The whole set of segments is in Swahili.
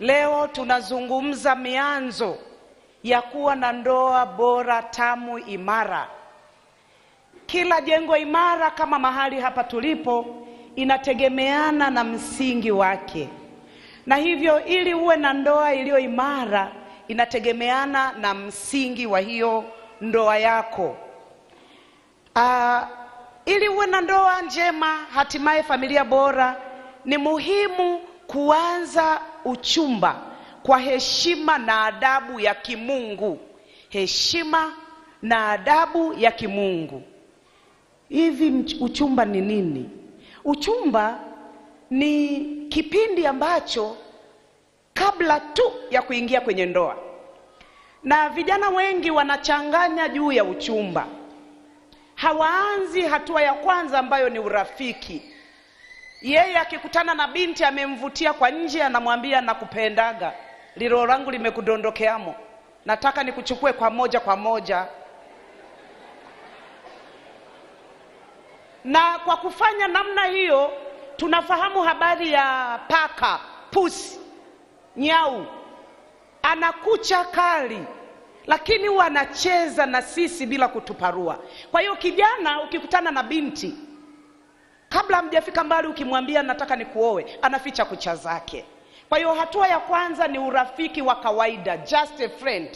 Leo tunazungumza mianzo ya kuwa na ndoa bora, tamu, imara. Kila jengo imara kama mahali hapa tulipo inategemeana na msingi wake, na hivyo ili uwe na ndoa iliyo imara inategemeana na msingi wa hiyo ndoa yako. Aa, ah, ili uwe na ndoa njema, hatimaye familia bora, ni muhimu kuanza uchumba kwa heshima na adabu ya kimungu. Heshima na adabu ya kimungu. Hivi uchumba ni nini? Uchumba ni kipindi ambacho kabla tu ya kuingia kwenye ndoa, na vijana wengi wanachanganya juu ya uchumba. Hawaanzi hatua ya kwanza ambayo ni urafiki yeye akikutana na binti amemvutia kwa nje, anamwambia nakupendaga, lilo langu limekudondokeamo, nataka nikuchukue kwa moja kwa moja. Na kwa kufanya namna hiyo, tunafahamu habari ya paka, pusi, nyau, anakucha kali lakini wanacheza na sisi bila kutuparua. Kwa hiyo kijana, ukikutana na binti kabla hamjafika mbali ukimwambia nataka nikuoe anaficha kucha zake kwa hiyo hatua ya kwanza ni urafiki wa kawaida just a friend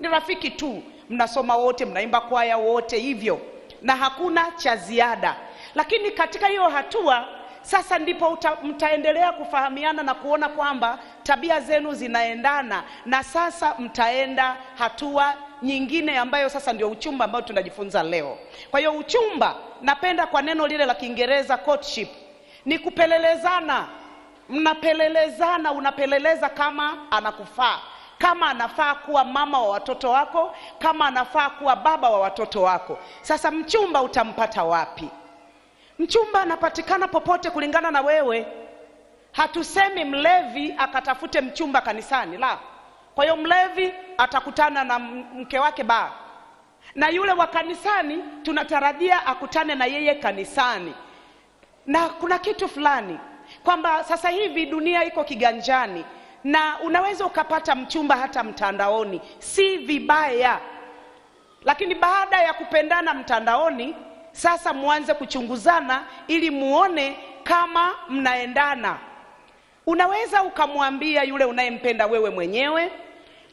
ni rafiki tu mnasoma wote mnaimba kwaya wote hivyo na hakuna cha ziada lakini katika hiyo hatua sasa ndipo uta, mtaendelea kufahamiana na kuona kwamba tabia zenu zinaendana na sasa mtaenda hatua nyingine ambayo sasa ndio uchumba ambao tunajifunza leo. Kwa hiyo uchumba, napenda kwa neno lile la Kiingereza courtship, ni kupelelezana. Mnapelelezana, unapeleleza kama anakufaa kama anafaa kuwa mama wa watoto wako, kama anafaa kuwa baba wa watoto wako. Sasa mchumba utampata wapi? Mchumba anapatikana popote kulingana na wewe. Hatusemi mlevi akatafute mchumba kanisani, la. Kwa hiyo mlevi atakutana na mke wake baa, na yule wa kanisani tunatarajia akutane na yeye kanisani, na kuna kitu fulani kwamba sasa hivi dunia iko kiganjani na unaweza ukapata mchumba hata mtandaoni, si vibaya. Lakini baada ya kupendana mtandaoni, sasa muanze kuchunguzana ili muone kama mnaendana. Unaweza ukamwambia yule unayempenda wewe mwenyewe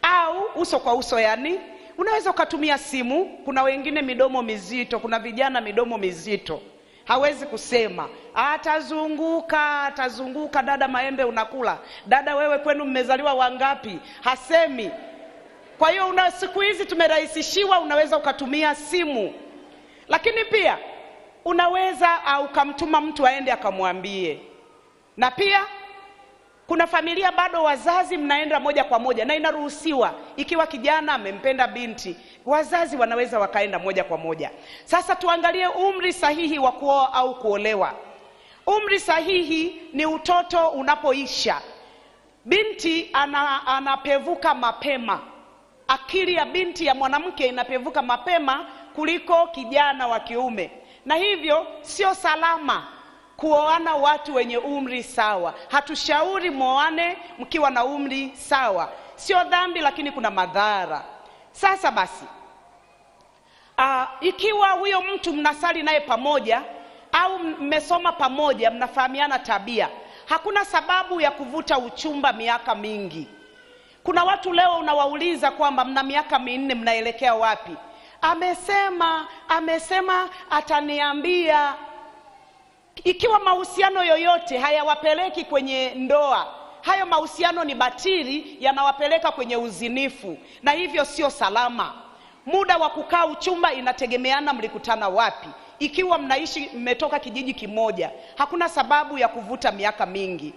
au uso kwa uso, yani unaweza ukatumia simu. Kuna wengine midomo mizito, kuna vijana midomo mizito, hawezi kusema, atazunguka atazunguka. Dada maembe unakula? Dada wewe kwenu mmezaliwa wangapi? Hasemi. Kwa hiyo una siku hizi tumerahisishiwa, unaweza ukatumia simu, lakini pia unaweza uh, ukamtuma mtu aende akamwambie, na pia kuna familia bado wazazi mnaenda moja kwa moja na inaruhusiwa. Ikiwa kijana amempenda binti, wazazi wanaweza wakaenda moja kwa moja. Sasa tuangalie umri sahihi wa kuoa au kuolewa. Umri sahihi ni utoto unapoisha, binti ana, anapevuka mapema. Akili ya binti ya mwanamke inapevuka mapema kuliko kijana wa kiume, na hivyo sio salama kuoana watu wenye umri sawa. Hatushauri mwoane mkiwa na umri sawa, sio dhambi, lakini kuna madhara. Sasa basi, aa, ah, ikiwa huyo mtu mnasali naye pamoja au mmesoma pamoja, mnafahamiana tabia, hakuna sababu ya kuvuta uchumba miaka mingi. Kuna watu leo unawauliza kwamba mna miaka minne, mnaelekea wapi? Amesema amesema ataniambia ikiwa mahusiano yoyote hayawapeleki kwenye ndoa, hayo mahusiano ni batili, yanawapeleka kwenye uzinifu, na hivyo sio salama. Muda wa kukaa uchumba inategemeana mlikutana wapi. Ikiwa mnaishi mmetoka kijiji kimoja, hakuna sababu ya kuvuta miaka mingi.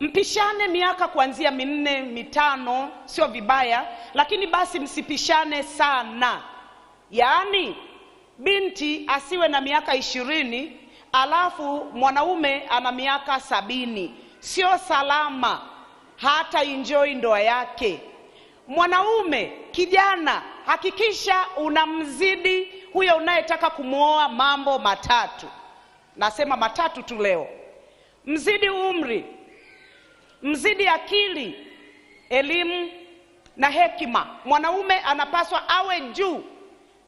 Mpishane miaka kuanzia minne mitano, sio vibaya, lakini basi msipishane sana, yaani binti asiwe na miaka ishirini alafu mwanaume ana miaka sabini sio salama hata injoi ndoa yake mwanaume kijana hakikisha unamzidi huyo unayetaka kumwoa mambo matatu nasema matatu tu leo mzidi umri mzidi akili elimu na hekima mwanaume anapaswa awe juu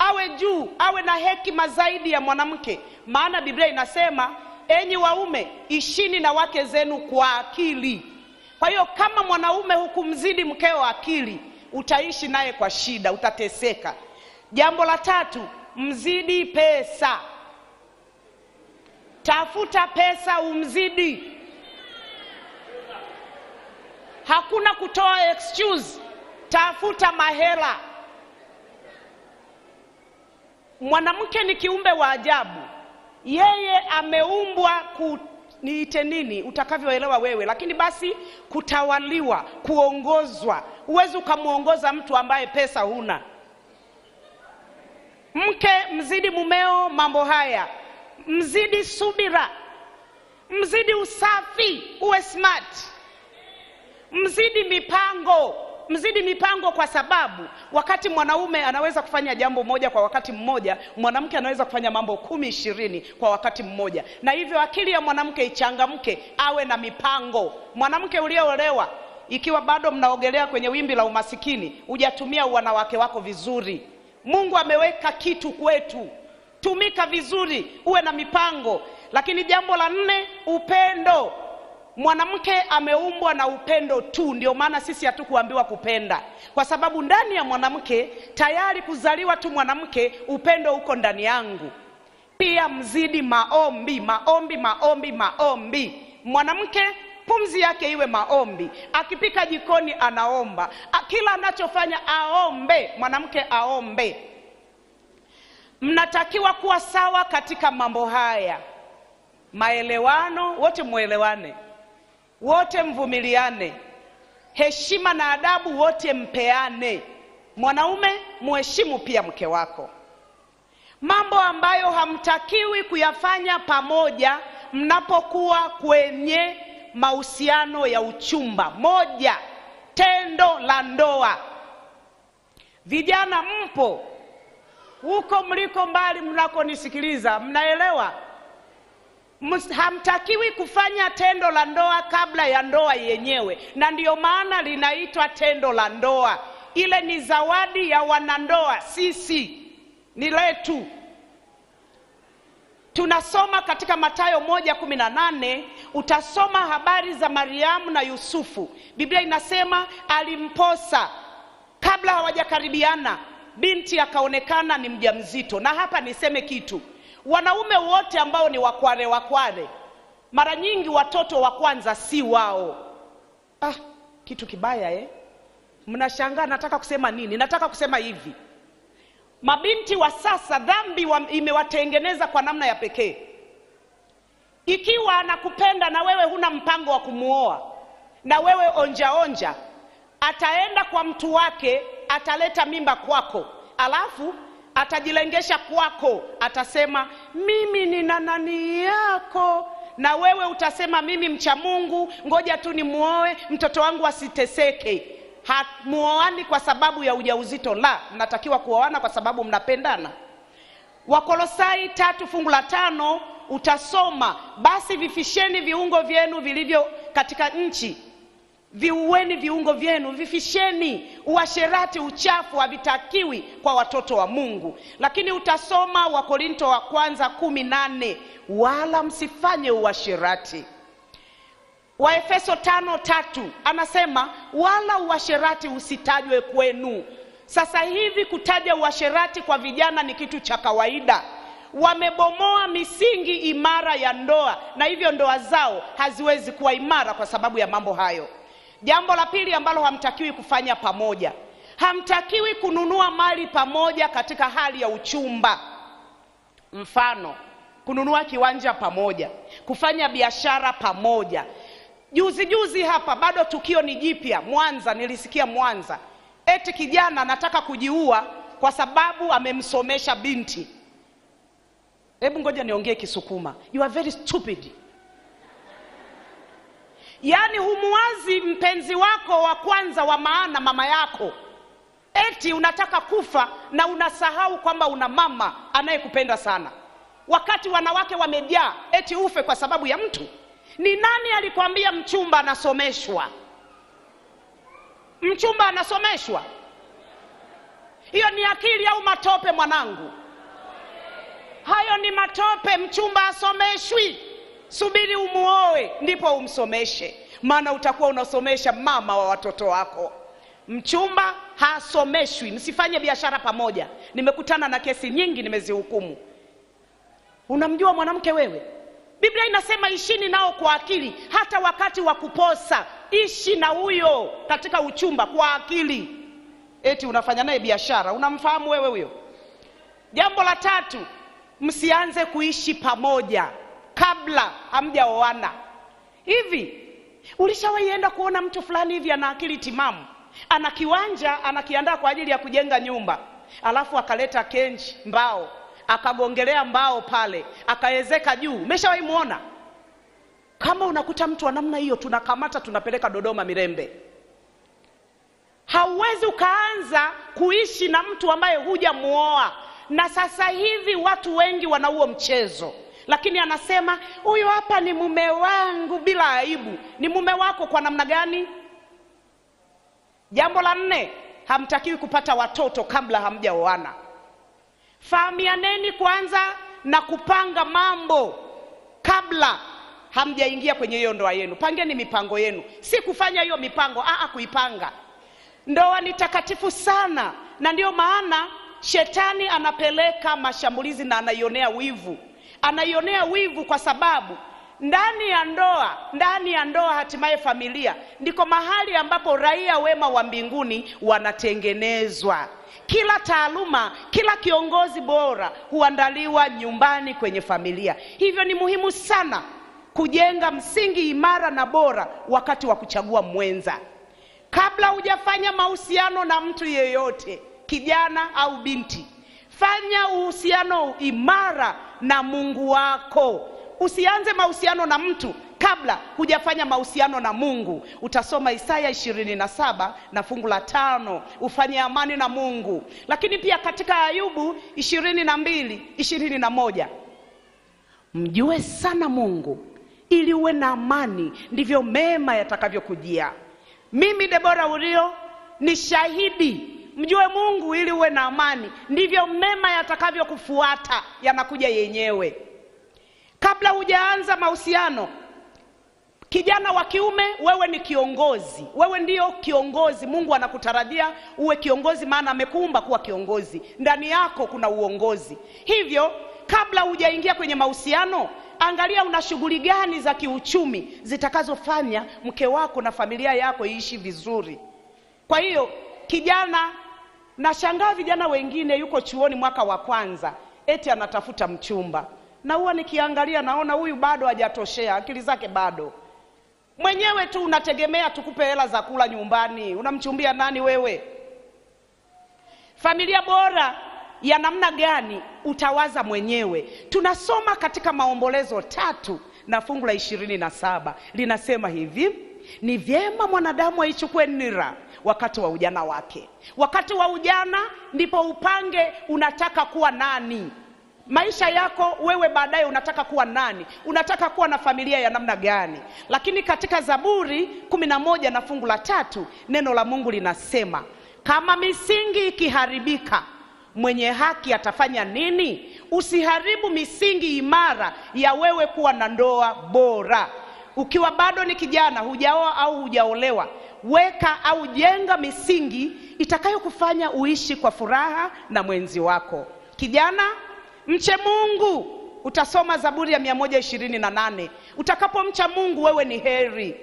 awe juu, awe na hekima zaidi ya mwanamke, maana Biblia inasema enyi waume, ishini na wake zenu kwa akili. Kwa hiyo kama mwanaume hukumzidi mkeo akili, utaishi naye kwa shida, utateseka. Jambo la tatu, mzidi pesa. Tafuta pesa umzidi. Hakuna kutoa excuse, tafuta mahela. Mwanamke ni kiumbe wa ajabu, yeye ameumbwa ku niite nini utakavyoelewa wewe, lakini basi kutawaliwa, kuongozwa. Huwezi ukamwongoza mtu ambaye pesa huna. Mke mzidi mumeo mambo haya, mzidi subira, mzidi usafi, uwe smart, mzidi mipango mzidi mipango, kwa sababu wakati mwanaume anaweza kufanya jambo moja kwa wakati mmoja, mwanamke anaweza kufanya mambo kumi ishirini kwa wakati mmoja, na hivyo akili ya mwanamke ichangamke, awe na mipango. Mwanamke uliyeolewa, ikiwa bado mnaogelea kwenye wimbi la umasikini, hujatumia wanawake wako vizuri. Mungu ameweka kitu kwetu, tumika vizuri, uwe na mipango. Lakini jambo la nne, upendo mwanamke ameumbwa na upendo tu ndio maana sisi hatukuambiwa kupenda kwa sababu ndani ya mwanamke tayari kuzaliwa tu mwanamke upendo uko ndani yangu pia mzidi maombi maombi maombi maombi mwanamke pumzi yake iwe maombi akipika jikoni anaomba kila anachofanya aombe mwanamke aombe mnatakiwa kuwa sawa katika mambo haya maelewano wote mwelewane wote mvumiliane, heshima na adabu wote mpeane. Mwanaume muheshimu pia mke wako. Mambo ambayo hamtakiwi kuyafanya pamoja mnapokuwa kwenye mahusiano ya uchumba. Moja, tendo la ndoa. Vijana mpo huko mliko mbali mnakonisikiliza, mnaelewa hamtakiwi kufanya tendo la ndoa kabla ya ndoa yenyewe, na ndiyo maana linaitwa tendo la ndoa. Ile ni zawadi ya wanandoa, sisi ni letu. Tunasoma katika Mathayo moja kumi na nane utasoma habari za Mariamu na Yusufu. Biblia inasema alimposa kabla hawajakaribiana, binti akaonekana ni mjamzito. Na hapa niseme kitu Wanaume wote ambao ni wakware wakware, mara nyingi watoto wa kwanza si wao. Ah, kitu kibaya eh? Mnashangaa nataka kusema nini? Nataka kusema hivi, mabinti wa sasa dhambi wa, imewatengeneza kwa namna ya pekee. Ikiwa anakupenda na wewe huna mpango wa kumuoa, na wewe onja onja, ataenda kwa mtu wake, ataleta mimba kwako, alafu atajilengesha kwako, atasema mimi nina nani yako, na wewe utasema mimi mcha Mungu, ngoja tu muoe mtoto wangu asiteseke. Hamuoani kwa sababu ya ujauzito, la, mnatakiwa kuoana kwa sababu mnapendana. Wakolosai tatu fungu la tano utasoma, basi vifisheni viungo vyenu vilivyo katika nchi viueni viungo vyenu, vifisheni. Uasherati, uchafu havitakiwi kwa watoto wa Mungu. Lakini utasoma Wakorinto wa kwanza kumi nane wala msifanye uasherati. Waefeso tano tatu anasema wala uasherati usitajwe kwenu. Sasa hivi kutaja uasherati kwa vijana ni kitu cha kawaida. Wamebomoa misingi imara ya ndoa, na hivyo ndoa zao haziwezi kuwa imara kwa sababu ya mambo hayo. Jambo la pili ambalo hamtakiwi kufanya pamoja, hamtakiwi kununua mali pamoja katika hali ya uchumba. Mfano, kununua kiwanja pamoja, kufanya biashara pamoja. Juzi juzi hapa, bado tukio ni jipya Mwanza, nilisikia Mwanza, eti kijana anataka kujiua kwa sababu amemsomesha binti. Hebu ngoja niongee Kisukuma, you are very stupid yaani humuwazi mpenzi wako wa kwanza wa maana, mama yako. Eti unataka kufa na unasahau kwamba una mama anayekupenda sana, wakati wanawake wamejaa, eti ufe kwa sababu ya mtu. Ni nani alikwambia mchumba anasomeshwa? Mchumba anasomeshwa? Hiyo ni akili au matope, mwanangu? Hayo ni matope. Mchumba asomeshwi subiri umuoe ndipo umsomeshe, maana utakuwa unasomesha mama wa watoto wako. Mchumba hasomeshwi, msifanye biashara pamoja. Nimekutana na kesi nyingi, nimezihukumu. Unamjua mwanamke wewe? Biblia inasema ishini nao kwa akili, hata wakati wa kuposa ishi na huyo katika uchumba kwa akili. Eti unafanya naye biashara, unamfahamu wewe huyo? Jambo la tatu, msianze kuishi pamoja kabla hamjaoana. Hivi ulishawaienda kuona mtu fulani hivi ana akili timamu, ana kiwanja anakiandaa kwa ajili ya kujenga nyumba, alafu akaleta kenji, mbao, akagongelea mbao pale, akaezeka juu? Umeshawahi muona? Kama unakuta mtu wa namna hiyo, tunakamata tunapeleka Dodoma Mirembe. Hauwezi ukaanza kuishi na mtu ambaye hujamuoa, na sasa hivi watu wengi wana huo mchezo lakini anasema huyu hapa ni mume wangu bila aibu. Ni mume wako kwa namna gani? Jambo la nne, hamtakiwi kupata watoto kabla hamjaoana. Fahamianeni kwanza na kupanga mambo kabla hamjaingia kwenye hiyo ndoa yenu. Pangeni mipango yenu, si kufanya hiyo mipango aa, ah, ah, kuipanga. Ndoa ni takatifu sana, na ndiyo maana shetani anapeleka mashambulizi na anaionea wivu anaionea wivu kwa sababu ndani ya ndoa, ndani ya ndoa, hatimaye familia, ndiko mahali ambapo raia wema wa mbinguni wanatengenezwa. Kila taaluma, kila kiongozi bora huandaliwa nyumbani kwenye familia. Hivyo ni muhimu sana kujenga msingi imara na bora wakati wa kuchagua mwenza. Kabla hujafanya mahusiano na mtu yeyote, kijana au binti, fanya uhusiano imara na Mungu wako. Usianze mahusiano na mtu kabla hujafanya mahusiano na Mungu. Utasoma Isaya ishirini na saba na fungu la tano, ufanye amani na Mungu. Lakini pia katika Ayubu ishirini na mbili ishirini na moja mjue sana Mungu ili uwe na amani, ndivyo mema yatakavyokujia. Mimi Debora Urio ni shahidi mjue Mungu ili uwe na amani, ndivyo mema yatakavyokufuata, yanakuja yenyewe. Kabla hujaanza mahusiano, kijana wa kiume, wewe ni kiongozi, wewe ndiyo kiongozi. Mungu anakutarajia uwe kiongozi, maana amekuumba kuwa kiongozi. Ndani yako kuna uongozi. Hivyo kabla hujaingia kwenye mahusiano, angalia una shughuli gani za kiuchumi zitakazofanya mke wako na familia yako iishi vizuri. Kwa hiyo kijana Nashangaa vijana wengine, yuko chuoni mwaka wa kwanza, eti anatafuta mchumba, na huwa nikiangalia naona huyu bado hajatoshea, akili zake bado. Mwenyewe tu unategemea tukupe hela za kula nyumbani, unamchumbia nani wewe? Familia bora ya namna gani utawaza mwenyewe. Tunasoma katika Maombolezo tatu na fungu la ishirini na saba linasema hivi ni vyema mwanadamu aichukue nira wakati wa ujana wake. Wakati wa ujana ndipo upange unataka kuwa nani, maisha yako wewe baadaye unataka kuwa nani, unataka kuwa na familia ya namna gani. Lakini katika Zaburi kumi na moja na fungu la tatu neno la Mungu linasema kama misingi ikiharibika mwenye haki atafanya nini? Usiharibu misingi imara ya wewe kuwa na ndoa bora ukiwa bado ni kijana, hujaoa au hujaolewa, weka au jenga misingi itakayokufanya uishi kwa furaha na mwenzi wako. Kijana, mche Mungu. Utasoma Zaburi ya 128. Utakapomcha Mungu wewe ni heri.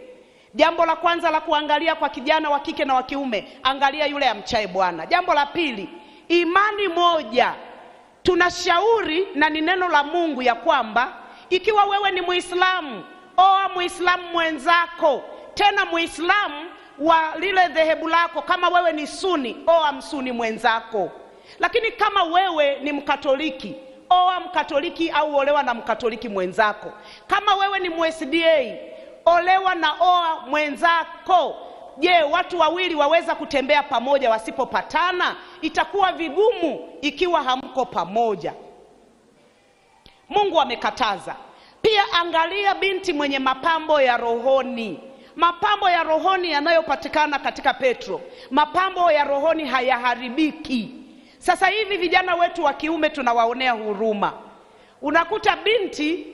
Jambo la kwanza la kuangalia kwa kijana wa kike na wa kiume, angalia yule amchaye Bwana. Jambo la pili, imani moja. Tunashauri na ni neno la Mungu ya kwamba ikiwa wewe ni Muislamu oa mwislamu mwenzako tena mwislamu wa lile dhehebu lako kama wewe ni suni oa msuni mwenzako lakini kama wewe ni mkatoliki oa mkatoliki au olewa na mkatoliki mwenzako kama wewe ni msda olewa na oa mwenzako je watu wawili waweza kutembea pamoja wasipopatana itakuwa vigumu ikiwa hamko pamoja mungu amekataza pia angalia binti mwenye mapambo ya rohoni, mapambo ya rohoni yanayopatikana katika Petro. Mapambo ya rohoni hayaharibiki. Sasa hivi vijana wetu wa kiume tunawaonea huruma, unakuta binti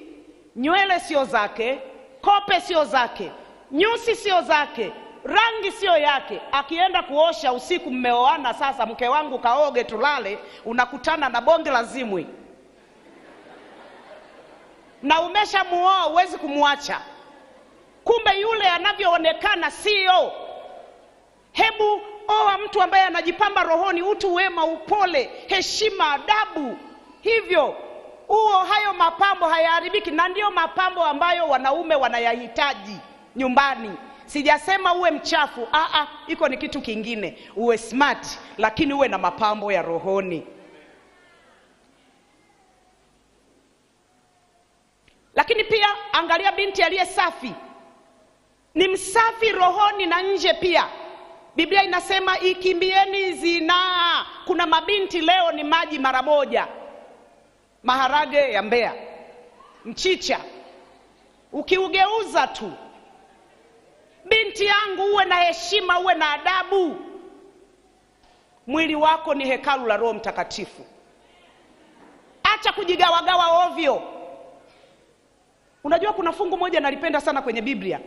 nywele sio zake, kope sio zake, nyusi sio zake, rangi siyo yake. Akienda kuosha usiku, mmeoana sasa, mke wangu kaoge tulale, unakutana na bonge la zimwi na umeshamuoa huwezi kumwacha kumbe yule anavyoonekana sio hebu oa mtu ambaye anajipamba rohoni utu wema upole heshima adabu hivyo huo hayo mapambo hayaharibiki na ndiyo mapambo ambayo wanaume wanayahitaji nyumbani sijasema uwe mchafu a, iko ni kitu kingine uwe smart lakini uwe na mapambo ya rohoni Lakini pia angalia binti aliye safi, ni msafi rohoni na nje pia. Biblia inasema ikimbieni zinaa. Kuna mabinti leo ni maji mara moja, maharage ya Mbeya, mchicha ukiugeuza tu. Binti yangu, uwe na heshima, uwe na adabu. Mwili wako ni hekalu la Roho Mtakatifu. Acha kujigawagawa ovyo. Unajua kuna fungu moja nalipenda sana kwenye Biblia,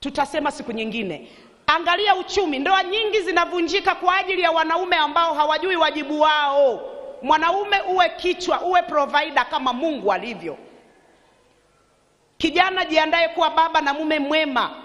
tutasema siku nyingine. Angalia uchumi, ndoa nyingi zinavunjika kwa ajili ya wanaume ambao hawajui wajibu wao. Mwanaume uwe kichwa, uwe provider kama Mungu alivyo. Kijana jiandaye kuwa baba na mume mwema